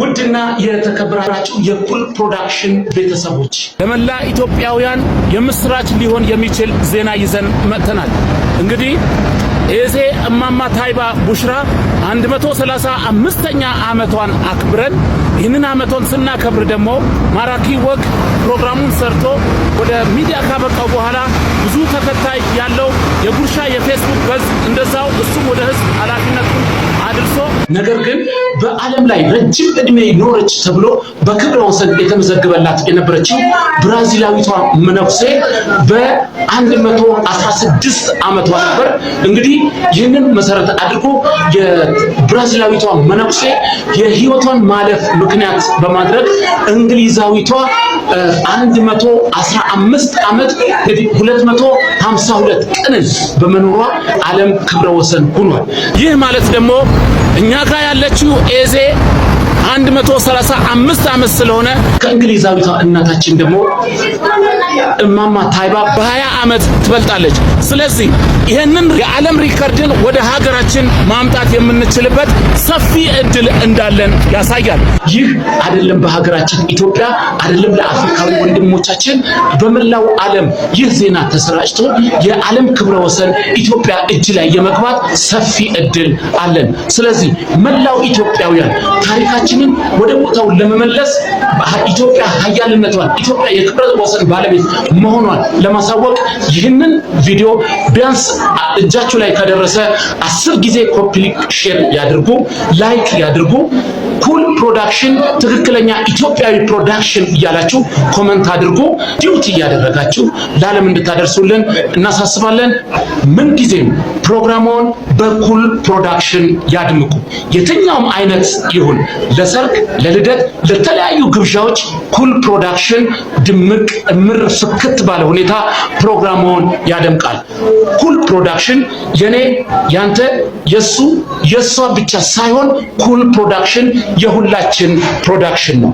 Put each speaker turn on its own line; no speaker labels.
ውድና የተከበራችሁ የኩል ፕሮዳክሽን ቤተሰቦች
ለመላ ኢትዮጵያውያን የምስራች ሊሆን የሚችል ዜና ይዘን መጥተናል። እንግዲህ ኤዜ እማማ ታይባ ቡሽራ 135ኛ ዓመቷን አክብረን ይህንን ዓመቷን ስናከብር ደግሞ ማራኪ ወግ ፕሮግራሙን ሰርቶ ወደ ሚዲያ ካበቃው በኋላ ብዙ ተከታይ ያለው የጉርሻ የፌስቡክ ገጽ እንደዛው እሱም ወደ ህዝብ ነገር ግን በዓለም ላይ ረጅም እድሜ ኖረች ተብሎ በክብረ ወሰን የተመዘገበላት የነበረችው ብራዚላዊቷ መነኩሴ በ116 ዓመቷ ነበር። እንግዲህ ይህንን መሰረት አድርጎ የብራዚላዊቷ መነኩሴ የህይወቷን ማለፍ ምክንያት በማድረግ እንግሊዛዊቷ አንድ መቶ አስራ አምስት ዓመት እንግዲህ ሁለት መቶ ሀምሳ ሁለት ቀንን በመኖሯ ዓለም ክብረ ወሰን ሆኗል። ይህ ማለት ደግሞ እኛ ጋር ያለችው ኤዜ 135 መቶ ዓመት ስለሆነ ከእንግሊዛዊቷ እናታችን ደግሞ እማማ ታይባ በ20 ዓመት ትበልጣለች። ስለዚህ ይህንን የዓለም ሪከርድን ወደ ሀገራችን ማምጣት የምንችልበት ሰፊ እድል እንዳለን ያሳያል። ይህ አይደለም በሀገራችን ኢትዮጵያ አይደለም ለአፍሪካዊ ወንድሞቻችን በመላው ዓለም ይህ ዜና ተሰራጭቶ የዓለም ክብረ ወሰን ኢትዮጵያ እጅ ላይ የመግባት ሰፊ እድል አለን። ስለዚህ መላው ኢትዮጵያውያን ታሪካ ሀገራችንን ወደ ቦታው ለመመለስ ኢትዮጵያ ሀያልነቷን ኢትዮጵያ የክብረት ወሰን ባለቤት መሆኗን ለማሳወቅ ይህንን ቪዲዮ ቢያንስ እጃችሁ ላይ ከደረሰ አስር ጊዜ ኮፒ ሊንክ ሼር ያድርጉ፣ ላይክ ያድርጉ። ኩል ፕሮዳክሽን ትክክለኛ ኢትዮጵያዊ ፕሮዳክሽን እያላችሁ ኮመንት አድርጎ ዲዩቲ እያደረጋችሁ ለዓለም እንድታደርሱልን እናሳስባለን። ምንጊዜም ፕሮግራሙን በኩል ፕሮዳክሽን ያድምቁ። የትኛውም አይነት ይሁን ለሰርግ፣ ለልደት፣ ለተለያዩ ግብዣዎች ኩል ፕሮዳክሽን ድምቅ እምር ፍክት ባለ ሁኔታ ፕሮግራሙን ያደምቃል። ኩል ፕሮዳክሽን የኔ ያንተ የሱ የእሷ ብቻ ሳይሆን ኩል ፕሮዳክሽን የሁላችን ፕሮዳክሽን ነው።